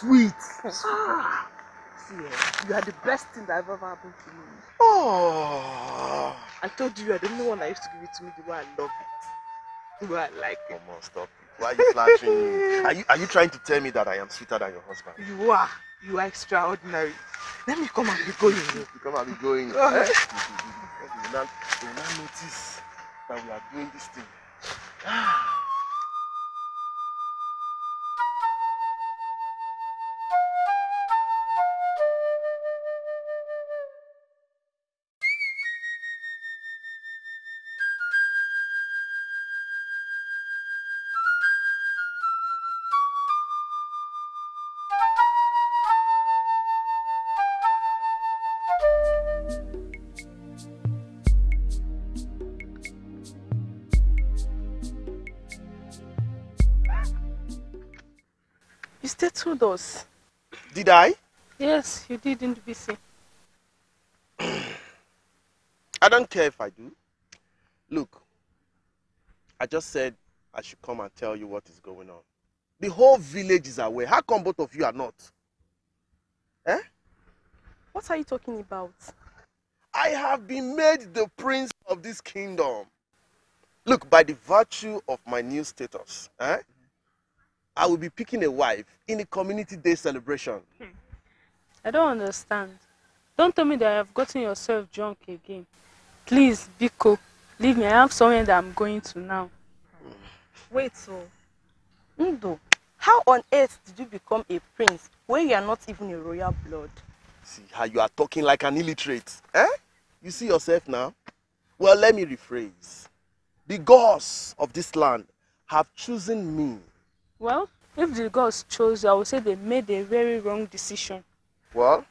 sweet. see, ah. you are the best thing that ever happened to me. Oh. I told you you are the only one that used to give it to me the way I love it. The way I like it. Come on, stop. Why are you flattering me? Are you, are you trying to tell me that I am sweeter than your husband? You are. You are extraordinary. Let me come and be going. You come and be going. Go You will not notice that we are doing this thing. Ah. house. Did I? Yes, you did in Bisi. I don't care if I do. Look, I just said I should come and tell you what is going on. The whole village is aware. How come both of you are not? Eh? What are you talking about? I have been made the prince of this kingdom. Look, by the virtue of my new status, eh, I will be picking a wife in a community day celebration. Hmm. I don't understand. Don't tell me that I've gotten yourself drunk again. Please, Biko, leave me. I have somewhere that I'm going to now. Wait, so. Ndo, how on earth did you become a prince when you are not even a royal blood? See how you are talking like an illiterate. Eh? You see yourself now? Well, let me rephrase. The gods of this land have chosen me well, if the gods chose, I would say they made a very wrong decision. Well,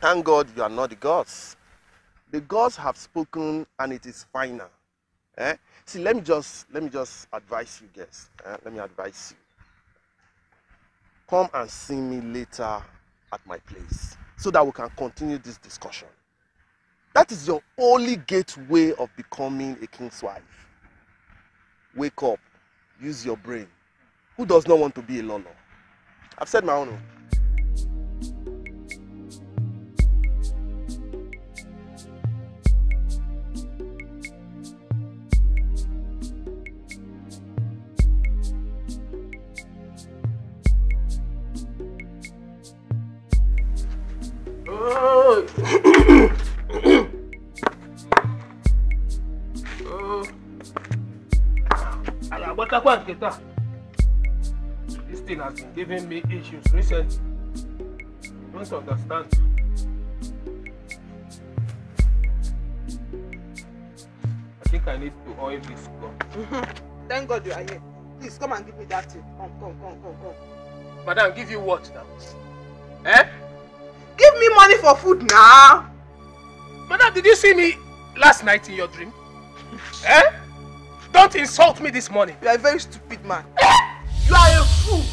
thank God you are not the gods. The gods have spoken and it is final. Eh? See, let me just let me just advise you guys. Eh? Let me advise you. Come and see me later at my place so that we can continue this discussion. That is your only gateway of becoming a king's wife. Wake up, use your brain. Who does not want to be a lolo? I've said my own. Alabota thing has been giving me issues recently. Don't understand. I think I need to oil this gun. Thank God you are here. Please come and give me that thing. Come, come, come, come, come. Madam, give you what now? Eh? Give me money for food now. Madam, did you see me last night in your dream? eh? Don't insult me this morning. You are a very stupid man. Eh? you are a fool.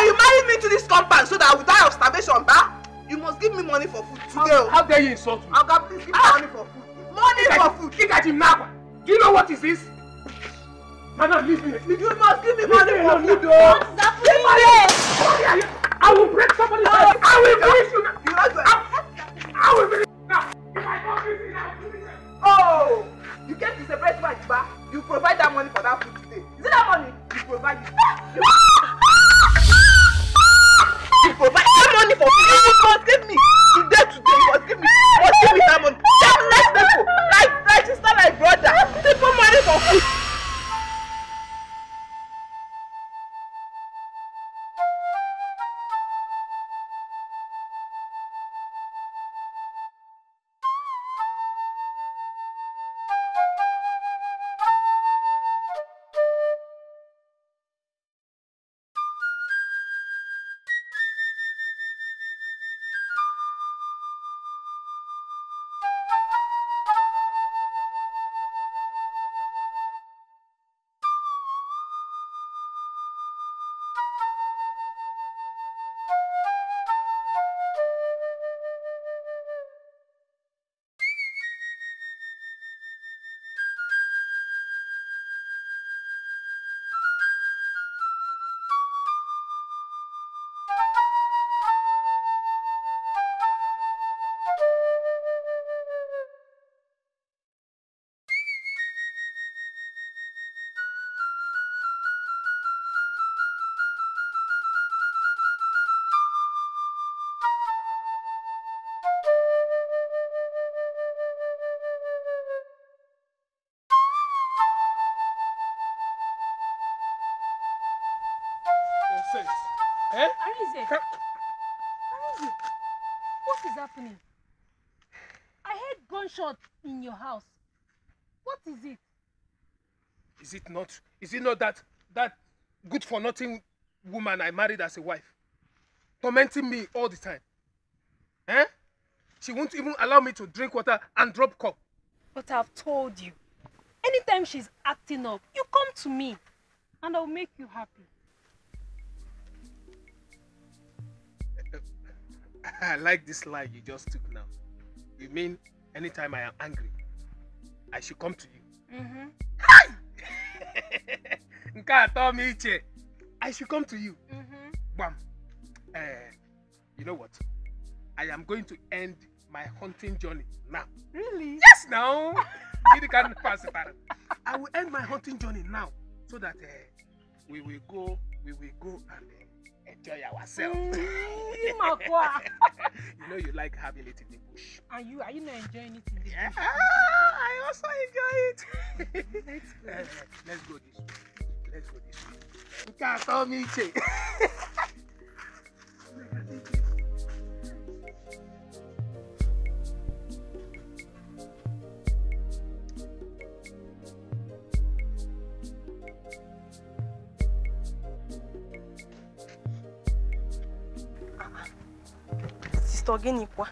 before you married me to this compound so that I will die of starvation ba you must give me money for food today o. Oh. how dare you insult me. oga please give me money for food. money for food. look at him now do you know what is this. Madam, leave me. You must give me money for food. What's that for me? I will break somebody's head. I will finish you now. You have to. I will finish you now. If I don't finish you now, Oh, you came to celebrate my You provide that money for that food today. Is it that money? You provide it. Ah! provide money for is it? What is happening? I heard gunshots in your house. What is it? Is it not? Is it not that that good for nothing woman I married as a wife? Tormenting me all the time. Eh? She won't even allow me to drink water and drop cup. But I've told you, anytime she's acting up, you come to me and I'll make you happy. I like this line you just took now. You mean anytime I am angry, I should come to you? Mm-hmm. Nke I should come to you. Mm-hmm. Bam. Uh, eh, you know what? I am going to end my hunting journey now. Really? Yes, now. I will end my hunting journey now so that uh, we will go, we will go and uh, enjoy ourselves. Mm, you know you like having it in the bush. And you are you not enjoying it in the bush? Ah, I also enjoy it. let's go. Uh, let's go this way. Let's go this way. You can't tell me, Che. Again, Ogenikwa.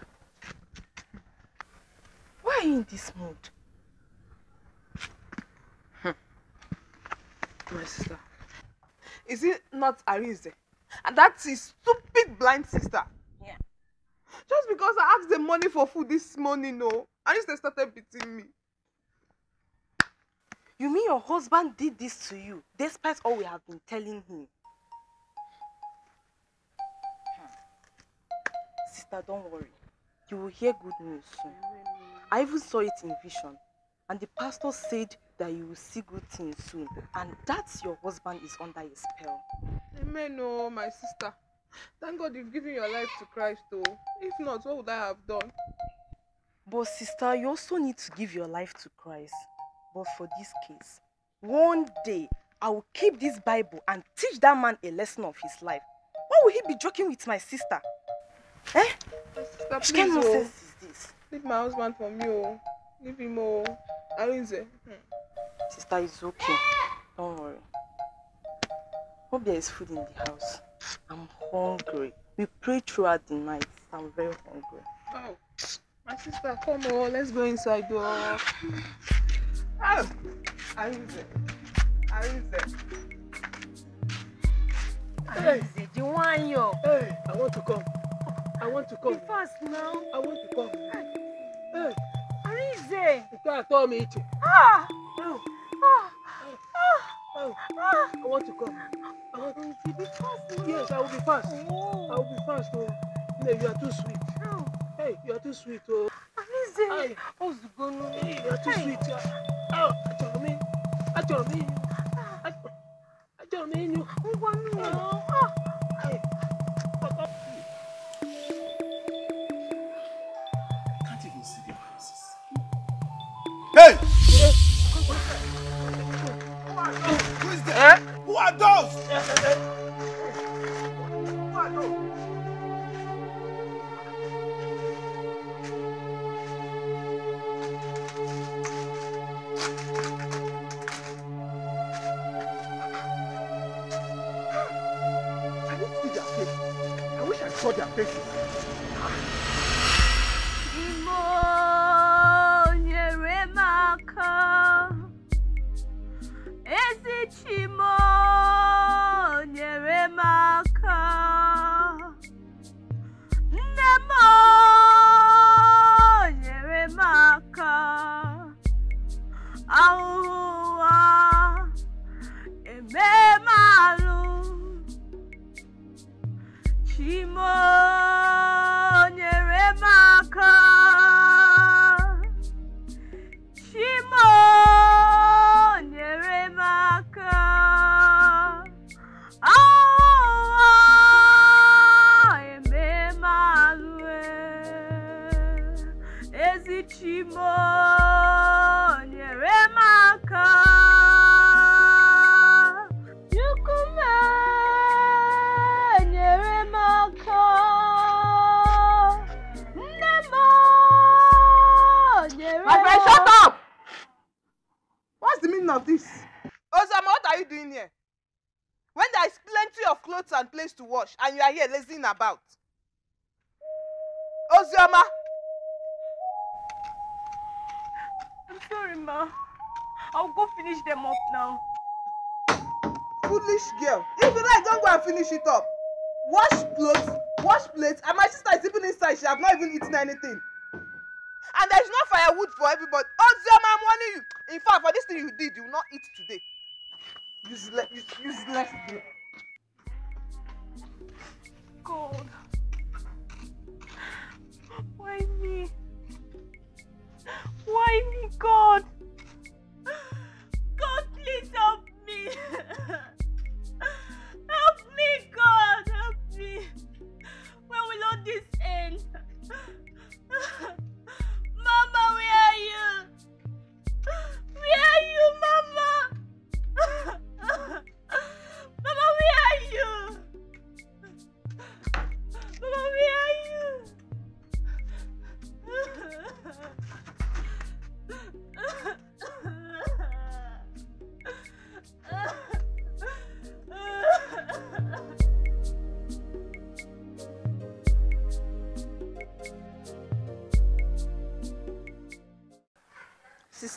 Why are you in this mood? Hmm. My sister. Is it not Arize? And that's his stupid blind sister. Yeah. Just because I asked the money for food this morning, no. Arize started beating me. You mean your husband did this to you, despite all we have been telling him? sister, don't worry. You will hear good news soon. I even saw it in vision. And the pastor said that you will see good things soon. And that your husband is under a spell. Amen, oh, my sister. Thank God you've given your life to Christ, though. If not, what would I have done? But sister, you also need to give your life to Christ. But for this case, one day, I will keep this Bible and teach that man a lesson of his life. Why will he be joking with my sister? Eh? please. can't no sense is oh. this. Leave my husband for me, oh. Leave him, oh. Arinze. Hmm. Sister, it's okay. Don't worry. Hope there is food in the house. I'm hungry. We prayed throughout the night. I'm very hungry. Oh, my sister, come on. Oh. Let's go inside, though. Oh, Arinze. Arinze. Arinze, do you want you? Hey, I want to come. I want to come. Be fast now. I want to come. Hey. Arinze. Ike atọ m iche. Ah. Oh. Ah. Oh. I want to come. I want to be fast. Yes, I will be fast. Oh. I will be fast. Oh. No, you are too sweet. Hey, you are too sweet. Oh. Arinze. Ozugbo nu. Hey, you are too sweet. Oh, I m. Achọrọ I Achọrọ m. I m. Ngwa nnu. Deus! about ozioma. i'm sorry ma i'll go finish them up now. foolish girl if you like don't go and finish it up wash cloth wash plates. and my sister is even inside she has not even eaten anything and there's no firewood for everybody ozioma i'm warning you in fact for this thing you did you will not eat today useless useless girl. cold. Why me? Why me, God?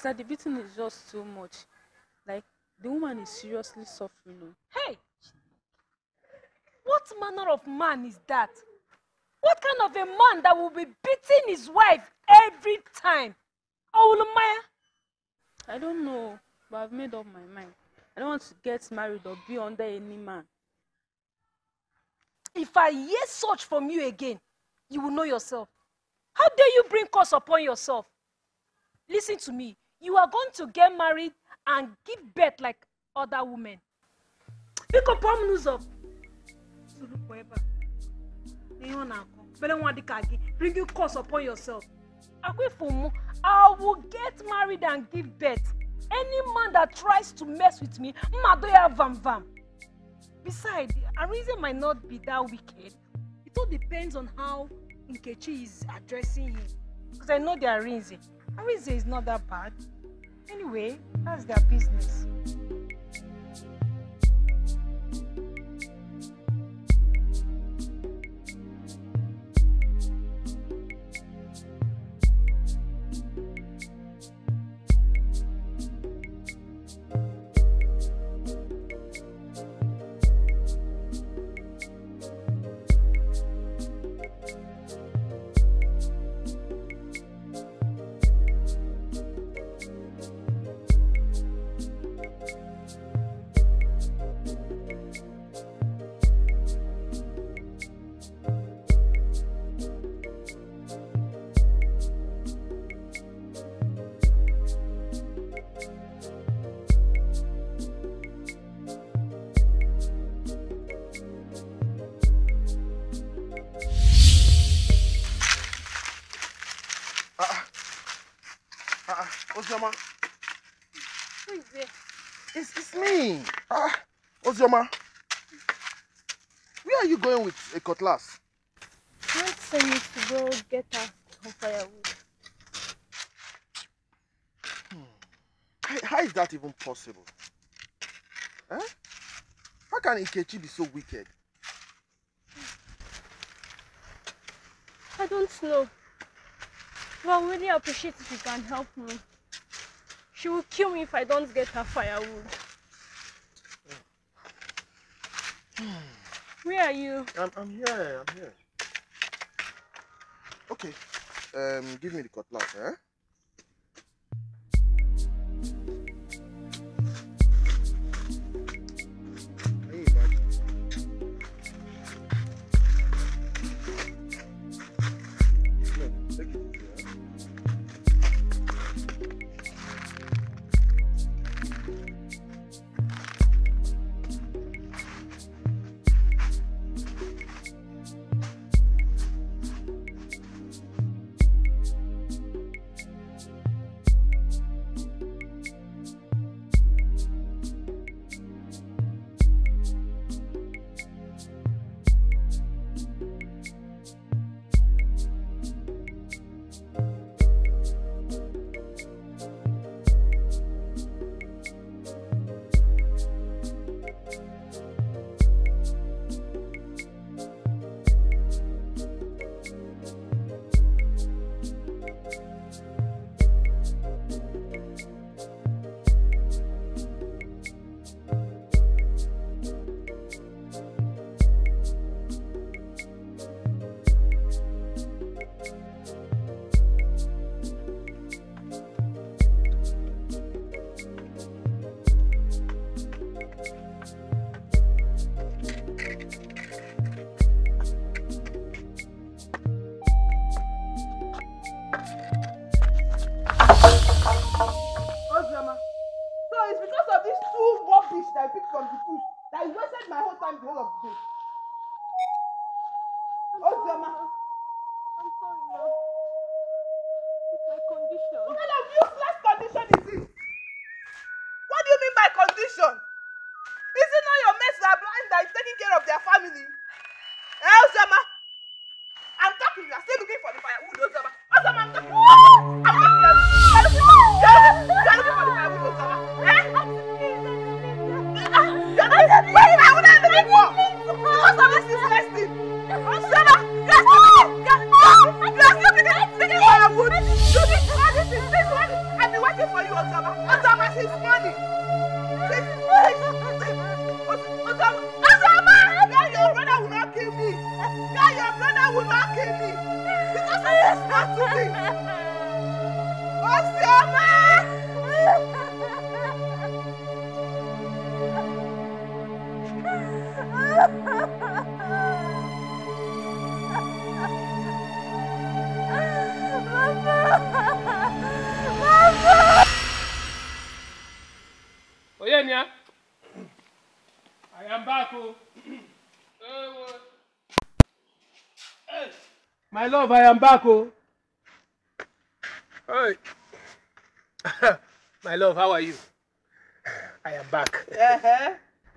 sister, the beating is just too much. Like, the woman is seriously suffering. Hey! What manner of man is that? What kind of a man that will be beating his wife every time? Awolumaya? I don't know, but I've made up my mind. I don't want to get married or be under any man. If I hear such from you again, you will know yourself. How dare you bring curse upon yourself? Listen to me you are going to get married and give birth like other women. Pick up n'ụzọ zuru up. bring you curse upon yourself. I will get married and give birth. Any man that tries to mess with me madoya vam vam. Besides, Arinze might not be that wicked. It all depends on how Nkechi is addressing him. Because I know the Arinze. Arinze is not that bad. Anyway, that's their business. Chioma, where are you going with a cutlass? Can't say you to go get her some firewood. Hmm. How is that even possible? Huh? Eh? How can Ikechi be so wicked? I don't know. But I really appreciate if you can help me. She will kill me if I don't get her firewood. Where are you? I'm, I'm here. I'm here. Okay. Um, give me the cutlass, eh? My love, I am back, oh. Hey, My love, how are you? I am back. Uh-huh.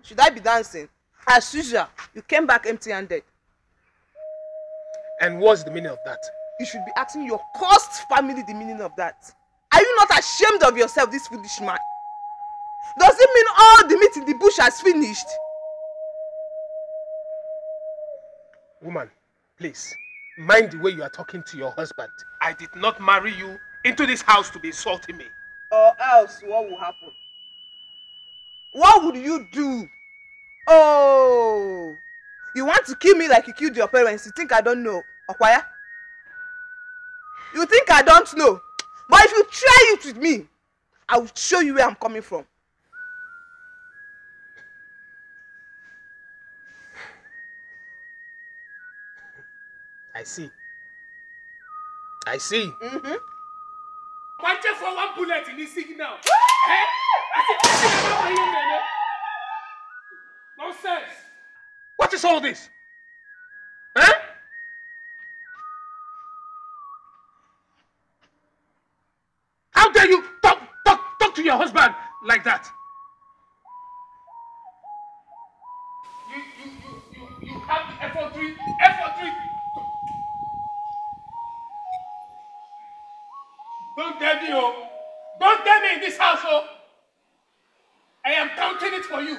Should I be dancing? As usual, you came back empty-handed. And what's the meaning of that? You should be asking your cursed family the meaning of that. Are you not ashamed of yourself, this foolish man? Does it mean all the meat in the bush has finished? Woman, please. Mind the way you are talking to your husband. I did not marry you into this house to be insulting me. Or else, what will happen? What would you do? Oh, you want to kill me like you killed your parents. You think I don't know, Okwaya? You think I don't know? But if you try it with me, I will show you where I'm coming from. I see. I see. Mm-hmm. Why just for one bullet in this signal? Eh? eh? Nonsense. What is all this? Huh? How dare you talk, talk, talk to your husband like that? You, you, you, you, you have the F. effrontery. me, oh. Don't tell me in this house, oh. I am counting it for you.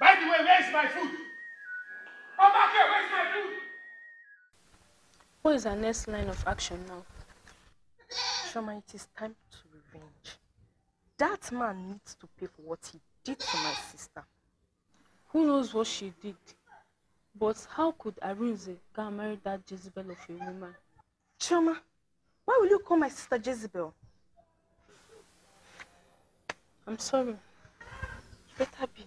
By the way, where is my food? Come back here, where is my food? What is our next line of action now? Shoma, it is time to revenge. That man needs to pay for what he did to my sister. Who knows what she did? But how could Arunze get married that Jezebel of a woman? Shoma. Why will you call my sister Jezebel? I'm sorry. Better be.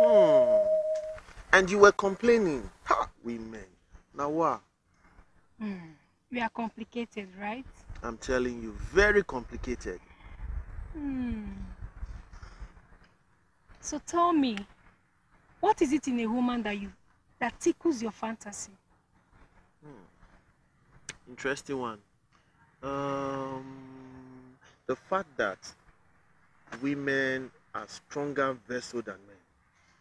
Hmm. And you were complaining. Ha! Women. Now what? Hmm. We are complicated, right? I'm telling you, very complicated. Hmm. So tell me, what is it in a woman that you that tickles your fantasy? Hmm. Interesting one. Um, the fact that women are stronger vessel than men.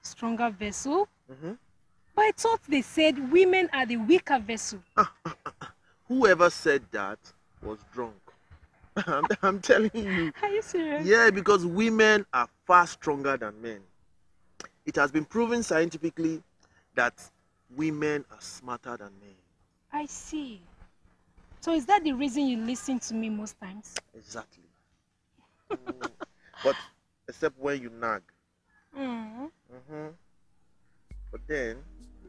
Stronger vessel? Mm-hmm. But I thought they said women are the weaker vessel. Ah, ah, ah, Whoever said that was drunk. I'm, I'm telling you. Are you serious? Yeah, because women are far stronger than men. It has been proven scientifically that women are smarter than men. I see. So is that the reason you listen to me most times? Exactly. Mm. But except when you nag. Mm. Mm-hmm. But then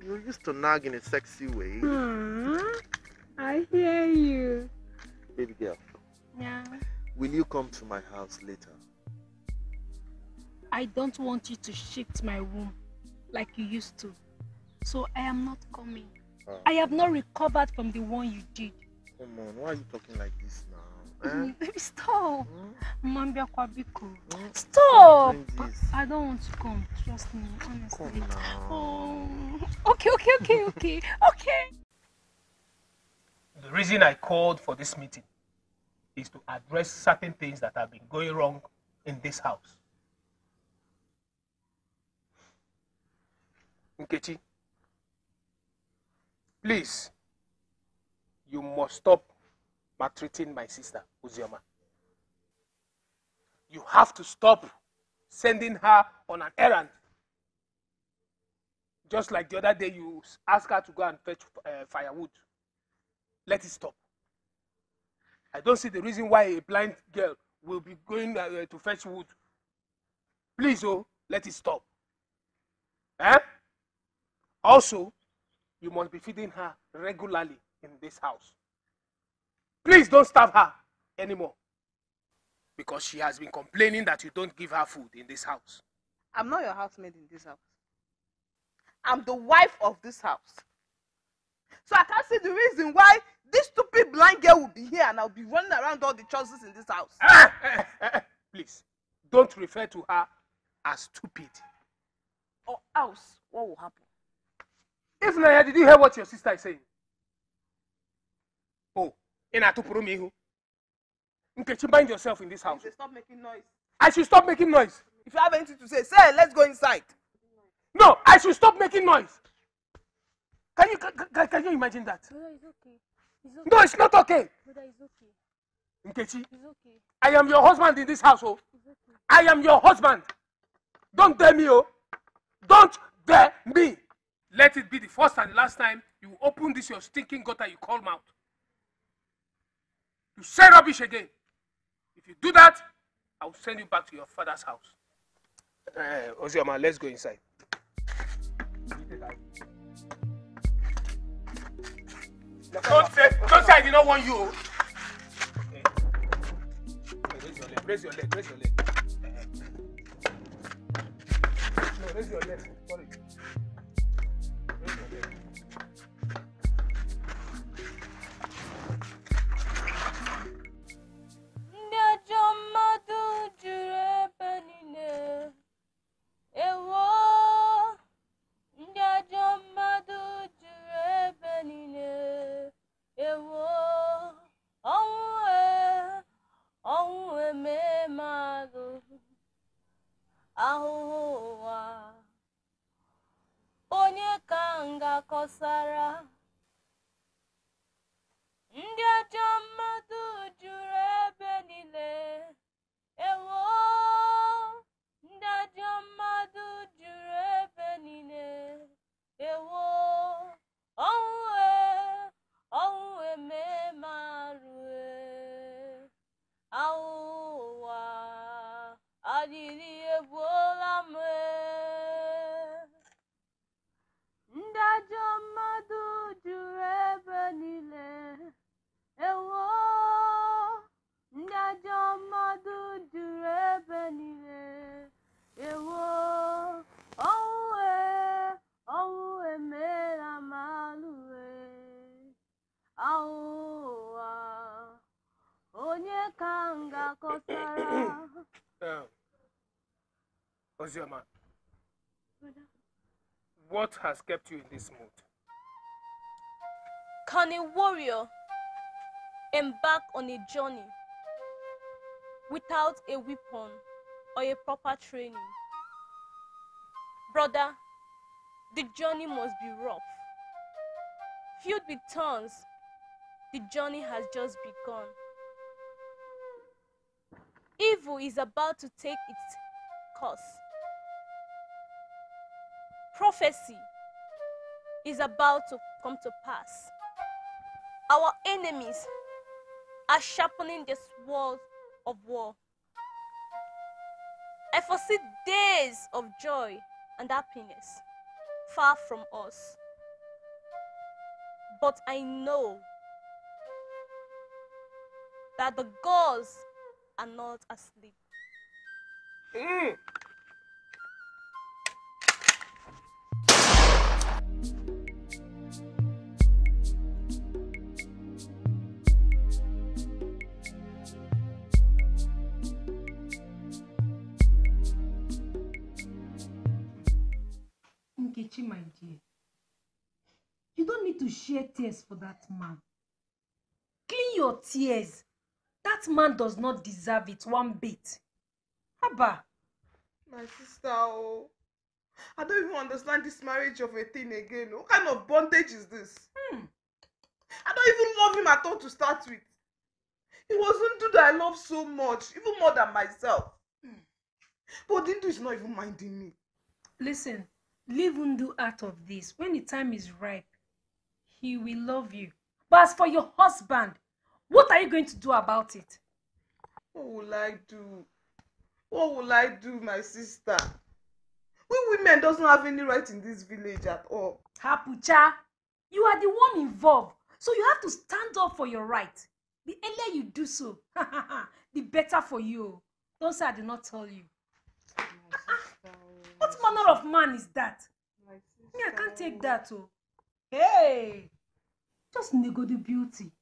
you used to nag in a sexy way. Mm. I hear you. Baby girl. Yeah. Will you come to my house later? I don't want you to shift my womb like you used to. So I am not coming. Ah. I have not recovered from the one you did. Come on, why are you talking like this now? Eh? Mm, baby, stop. Hmm? Mambia Kwabiko. Hmm? Stop. I, I don't want to come. Trust me, honestly. Come now. Oh. Okay, okay, okay, okay. okay. The reason I called for this meeting is to address certain things that have been going wrong in this house. Nkechi, please, you must stop maltreating my sister, Uzioma. You have to stop sending her on an errand. Just like the other day, you asked her to go and fetch uh, firewood. Let it stop. I don't see the reason why a blind girl will be going uh, to fetch wood. Please, oh, let it stop. Eh? Also, you must be feeding her regularly in this house. Please don't starve her anymore. Because she has been complaining that you don't give her food in this house. I'm not your housemaid in this house. I'm the wife of this house. So I can't see the reason why this stupid blind girl will be here and I'll be running around all the churches in this house. Ah, eh, eh, eh, please, don't refer to her as stupid. Or else, what will happen? If Naya, did you hear what your sister is saying? Oh, in Atupurumihu. Nkechi, bind yourself in this house. stop making noise. I should stop making noise. If you have anything to say, say, let's go inside. No, I should stop making noise. Can you, can, can you imagine that? No, it's okay. okay. No, it's not okay. Brother, it's okay. Nkechi, it's okay. I am your husband in this household. It's okay. I am your husband. Don't dare me, oh. Don't dare me. Let it be the first and last time you open this your stinking gutter you call mouth. You say rubbish again. If you do that, I will send you back to your father's house. Uh, Ozioma, let's go inside. Don't say, don't say I did not want you. Raise your leg, raise your leg, raise your leg. No, raise your leg. Ozioma, um, what has kept you in this mood? Can a warrior embark on a journey without a weapon or a proper training? Brother, the journey must be rough. Filled with thorns, the journey has just begun. Evil is about to take its course. Prophecy is about to come to pass. Our enemies are sharpening the swords of war. I foresee days of joy and happiness far from us. But I know that the gods are not asleep. Mm. Nkechi, my dear, you don't need to share tears for that man. Clean your tears. That man does not deserve it one bit. Abba. My sister, oh. I don't even understand this marriage of a thing again. Oh. What kind of bondage is this? Hmm. I don't even love him at all to start with. He was Ndu that I love so much, even more than myself. Hmm. But Ndu is not even minding me. Listen, leave Ndu out of this. When the time is ripe, he will love you. But as for your husband, what are you going to do about it? What will I do? What will I do, my sister? We women doesn't have any right in this village at all. Hapucha, you are the one involved, so you have to stand up for your right. The earlier you do so, the better for you. Don't say I did not tell you. Sister, what manner of man is that? Me, I can't take that. Oh. Hey! Just nego the beauty.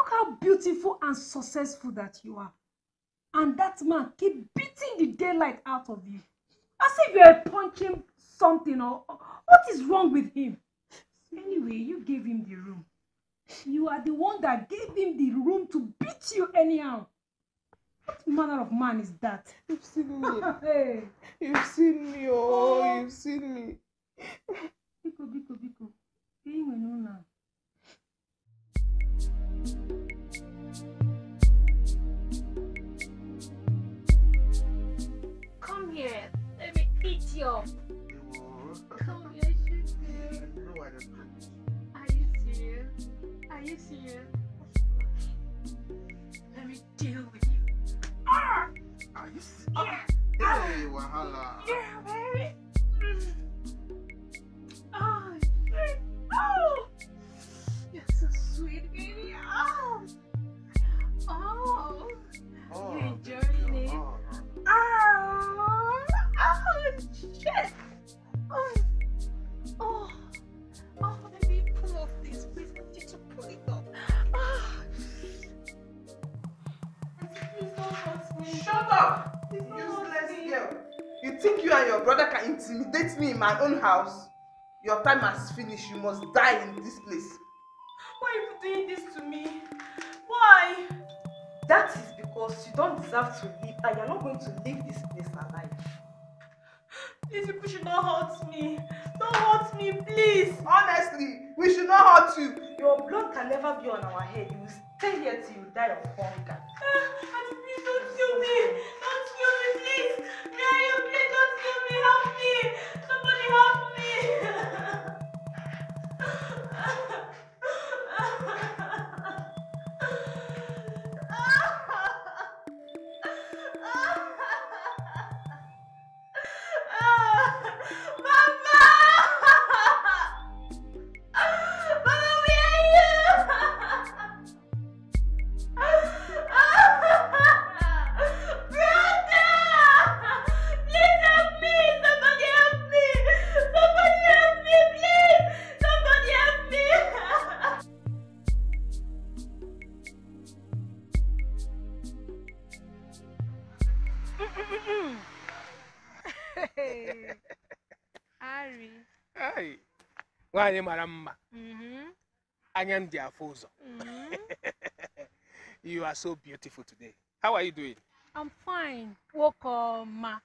Look how beautiful and successful that you are. And that man keep beating the daylight out of you. As if you are punching something or, or what is wrong with him? Anyway, you gave him the room. You are the one that gave him the room to beat you anyhow. What manner of man is that? You've seen me. hey. You've seen me. Oh, oh. you've seen me. Biko, Biko, Biko. my own house your time has finished you must die in this place. why are you doing this to me why. that is because you don't deserve to live and you are not going to leave this place alive. Please, people should not hurt me. Don't hurt me, please. Honestly, we should not hurt you. Your blood can never be on our head. You will stay here till you die of hunger. anyị mara mma mm-hmm. anya m dị afụ ụzọ mm-hmm. you are so beautiful today how are you doing i'm fine nwoke ọma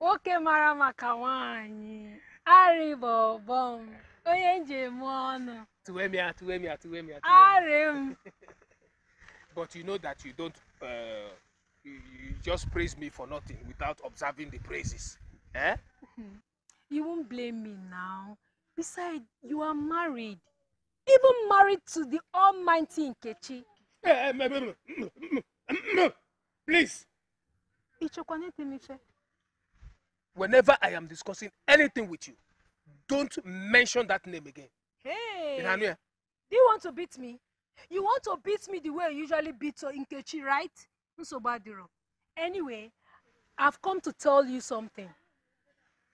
nwoke mara maka nwanyị arịba ọbọ m onye njem ọnụ tuwemia but you know that you don't uh, you, you just praise me for nothing without observing the praises eh? you won't blame me now Besides, you are married. Even married to the almighty Nkechi. Please. Whenever I am discussing anything with you, don't mention that name again. Hey. Do you want to beat me? You want to beat me the way you usually beat Nkechi, right? so bad, Nsobadiro. Anyway, I've come to tell you something.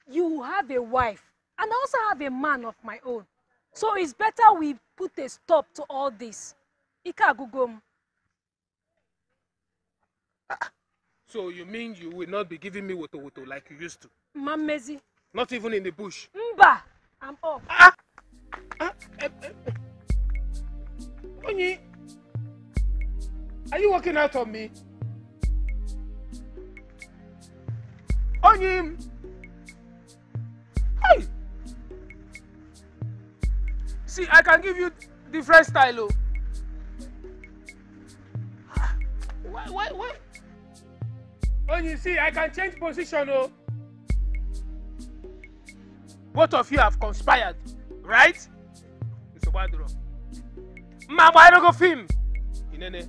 You have a wife and I also have a man of my own. So it's better we put a stop to all this. Ika Gugum. So you mean you will not be giving me woto woto like you used to? Mamezi. Not even in the bush? Mba, I'm off. Ah! Ah! Eh, eh, eh. are you working out on me? Onyi! see i can give you different style oh. why why why. oh you see i can change position Oh. both of you have conspired right. it's a bad draw. mama i no go film. inene. You know,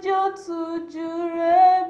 lọ́jọ́ tójú rẹ̀.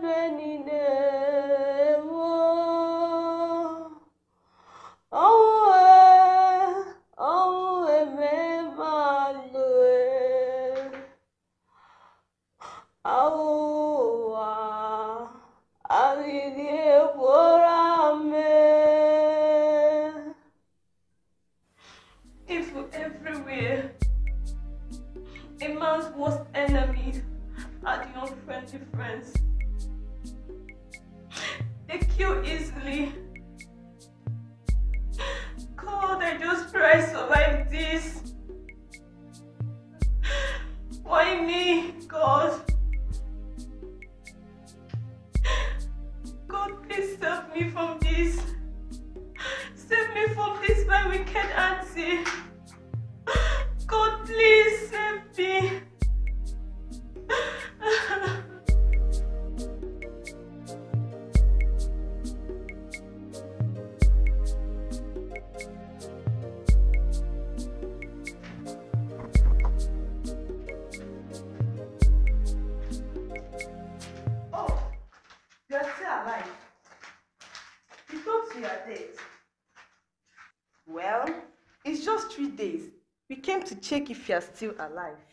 you are still alive.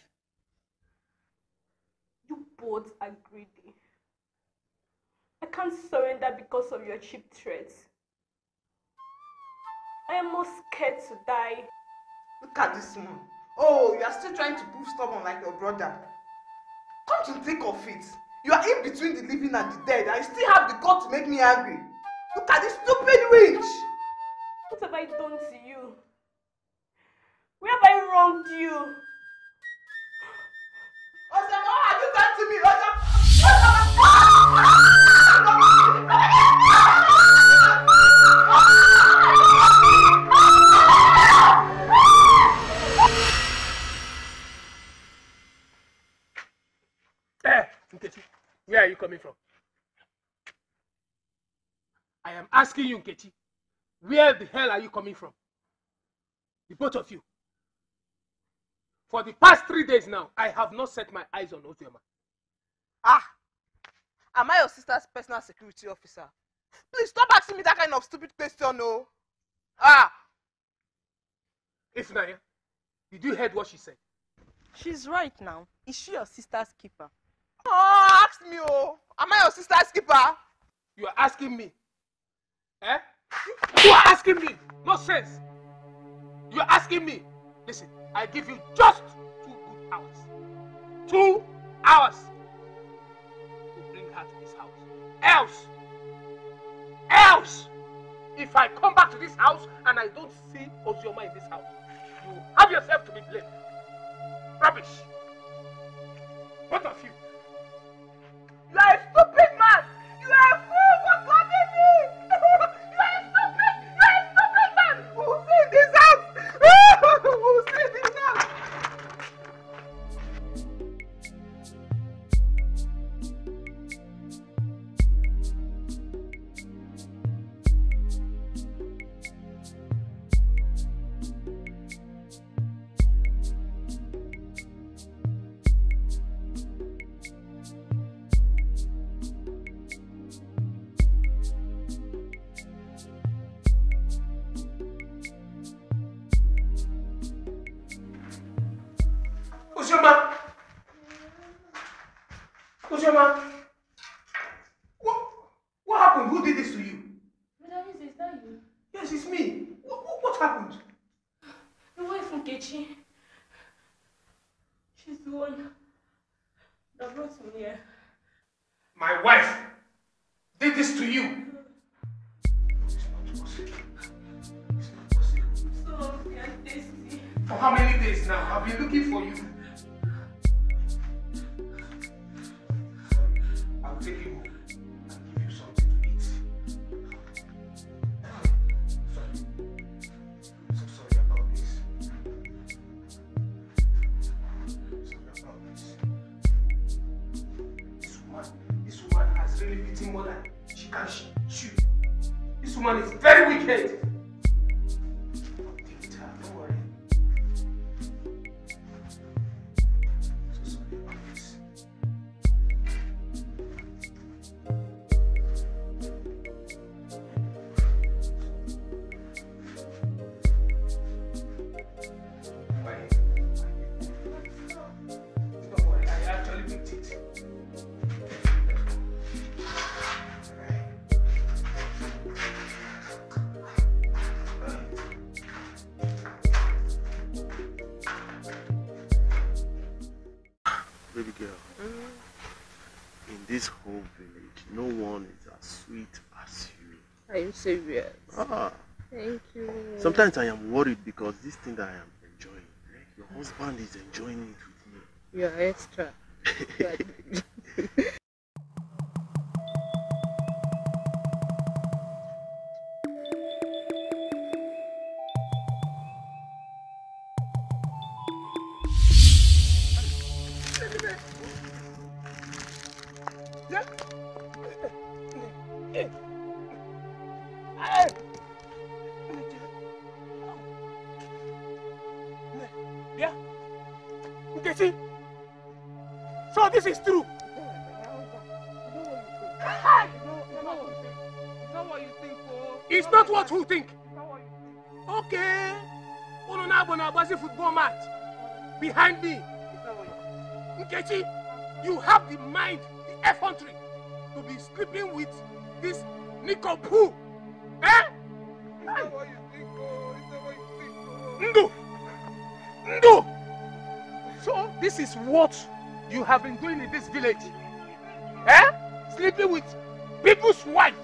You both are greedy. I can't surrender because of your cheap threats. I am more scared to die. Look at this man. Oh, you are still trying to prove stubborn like your brother. Come to think of it. You are in between the living and the dead, and you still have the gut to make me angry. Look at this stupid witch! What have I done to you? Where have I wronged you? Osama, have you done to me? Osama! Eh, where are you coming from? I am asking you, Nkechi, where the hell are you coming from? The both of you. For the past three days now, I have not set my eyes on Otioma. Ah, am I your sister's personal security officer? Please stop asking me that kind of stupid question, no. Ah. Ifnaya, did you hear what she said? She's right now. Is she your sister's keeper? Oh, ask me, oh. Am I your sister's keeper? You are asking me. Eh? You are asking me. No sense. You are asking me. Listen, I give you just two good hours. Two hours to bring her to this house. Else, else, if I come back to this house and I don't see Ozioma in this house, you have yourself to be blamed. Rubbish. Both of you. Sometimes I am worried because this thing that I am enjoying, like your husband is enjoying it with me. You're extra. yeah. know this is true. It's not what you think. Okay. Unu na-abụ na agbazi football match behind me. Nkechi, you have the mind, the effrontery to be sleeping with this Nico Poo. Eh? Ndu! Ndu! So this is what you have been doing in this village? Eh? Sleeping with people's wife?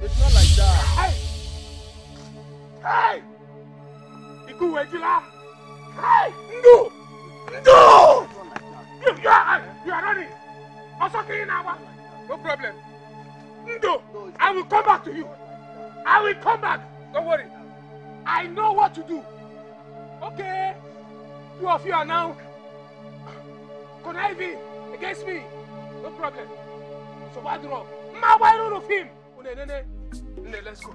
It's not like that. Hey! Hey! Iku Wejila! Hey! No! No! You, you are, uh, you are running. Also, Kinawa. No problem. No, I will come back to you. I will come back. Don't worry. I know what to do. Okay. Two of you are now conniving against me no problem so why drop ma why run of him une nene nene let's go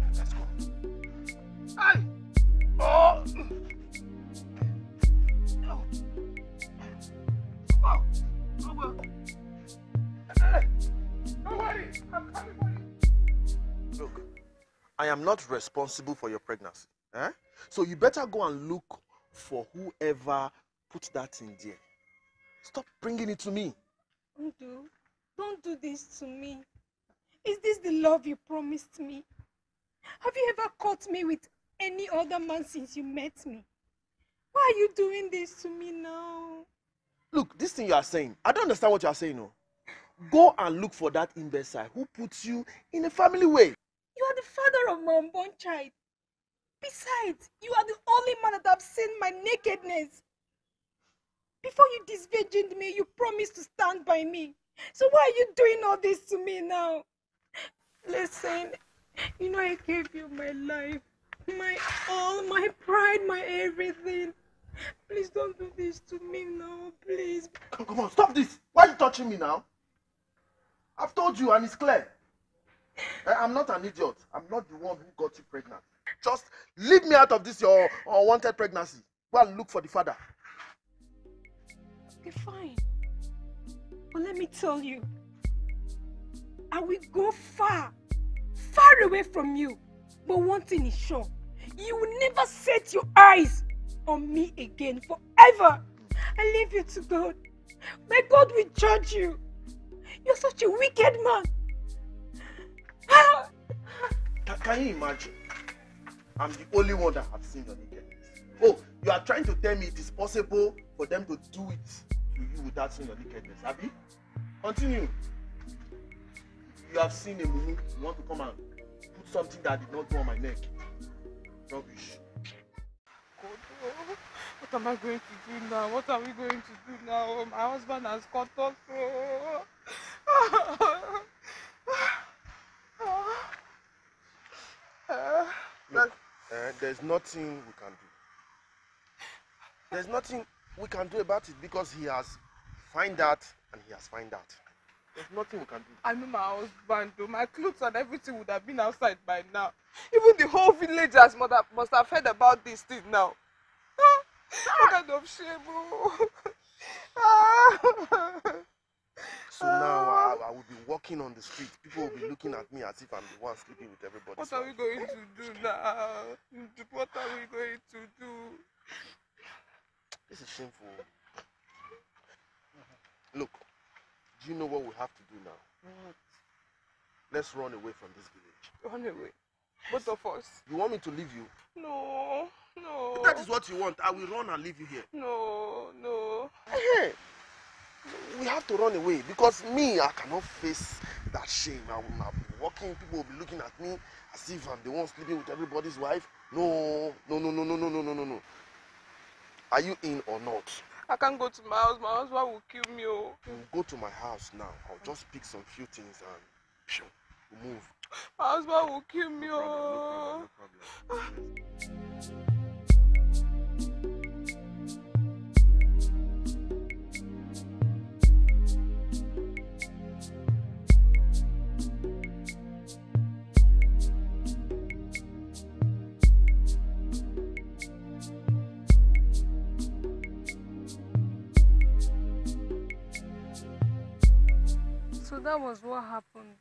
let's go ay oh. oh oh oh well hey eh. look i am not responsible for your pregnancy eh? so you better go and look for whoever put that in there. Stop bringing it to me. Undo, don't do this to me. Is this the love you promised me? Have you ever caught me with any other man since you met me? Why are you doing this to me now? Look, this thing you are saying, I don't understand what you are saying. No. Go and look for that imbecile who puts you in a family way. You are the father of my unborn child. Besides, you are the only man that I've seen my nakedness. Before you disvirgined me, you promised to stand by me. So why are you doing all this to me now? Listen, you know I gave you my life, my all, my pride, my everything. Please don't do this to me now, please. Come, come on, stop this. Why are you touching me now? I've told you and it's clear. Eh, I, am not an idiot. I'm not the one who got you pregnant. Just leave me out of this your unwanted pregnancy. Go and look for the father be fine. But let me tell you, I will go far, far away from you. But one thing is sure you will never set your eyes on me again forever. I leave you to God. My God will judge you. You're such a wicked man. can, can you imagine? I'm the only one that have seen your nakedness. Oh, you are trying to tell me it is possible for them to do it to you without seeing your nakedness abi continue you have seen a mumu you want to come and put something that did not go on my neck rubbish. What am I going to do now? What are we going to do now? My husband has cut off. Look, uh, there's nothing we can do. There's nothing we can do about it because he has find out and he has find out. There's nothing we can do. I know my husband, though. My clothes and everything would have been outside by now. Even the whole village has must have, must have heard about this thing now. what kind of shame? Ah. So now I, I will be walking on the street. People will be looking at me as if I'm the one sleeping with everybody. What are we going to do now? What are we going to do? This is shameful. Look, do you know what we have to do now? What? Let's run away from this village. Run away? Both of us? You want me to leave you? No, no. If that is what you want, I will run and leave you here. No, no. Hey, we have to run away because me, I cannot face that shame. I will not be walking, people will be looking at me as if I'm the one sleeping with everybody's wife. No, no, no, no, no, no, no, no, no. Are you in or not? I can't go to my house. My husband will kill me. Oh. You go to my house now. I'll just pick some few things and phew, move. My husband will kill me. No problem, no problem, no oh. problem. that was what happened.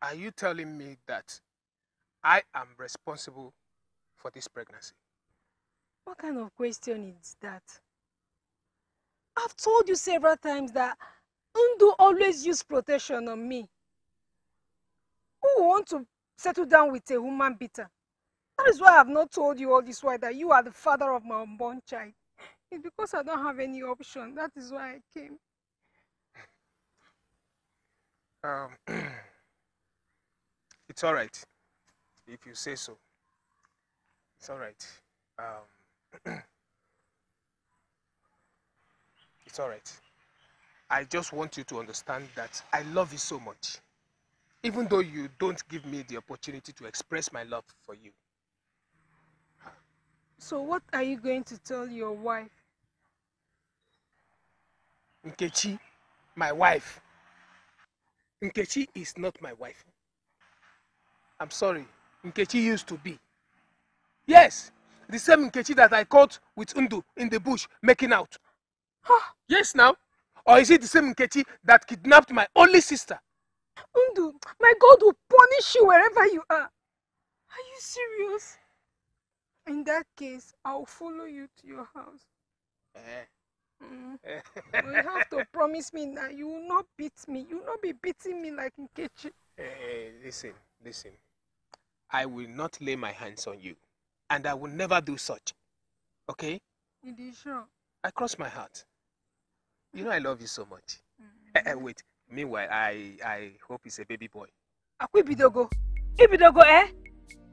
Are you telling me that I am responsible for this pregnancy? What kind of question is that? I've told you several times that Undo always used protection on me. Who want to settle down with a woman beater? That is why I've not told you all this while that you are the father of my unborn child. It's because I don't have any option. That is why I came. Um, it's all right. If you say so. It's all right. Um, it's all right. I just want you to understand that I love you so much. Even though you don't give me the opportunity to express my love for you. So what are you going to tell your wife? Nkechi, my wife. Nkechi is not my wife. I'm sorry. Nkechi used to be. Yes, the same Nkechi that I caught with Undu in the bush making out. Huh? Yes, now. Or is it the same Nkechi that kidnapped my only sister? Undu, my God will punish you wherever you are. Are you serious? In that case, I'll follow you to your house. Eh. Mm. you have to promise me that you will not beat me. You will not be beating me like kitchen. Eh, hey, eh, listen, listen. I will not lay my hands on you. And I will never do such. Okay? It is sure. I cross my heart. You know I love you so much. Mm. wait. Meanwhile, I, I hope it's a baby boy. Akwibidogo. Ibidogo, eh?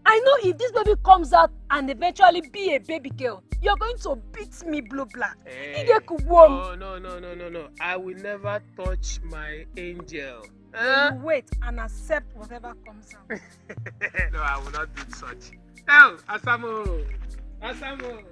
I know if this baby comes out and eventually be a baby girl, you're going to beat me blue black. Hey, eh, no, no, no, no, no, no. I will never touch my angel. Huh? You eh? wait and accept whatever comes out. no, I will not do such. Oh, Asamo! Asamo!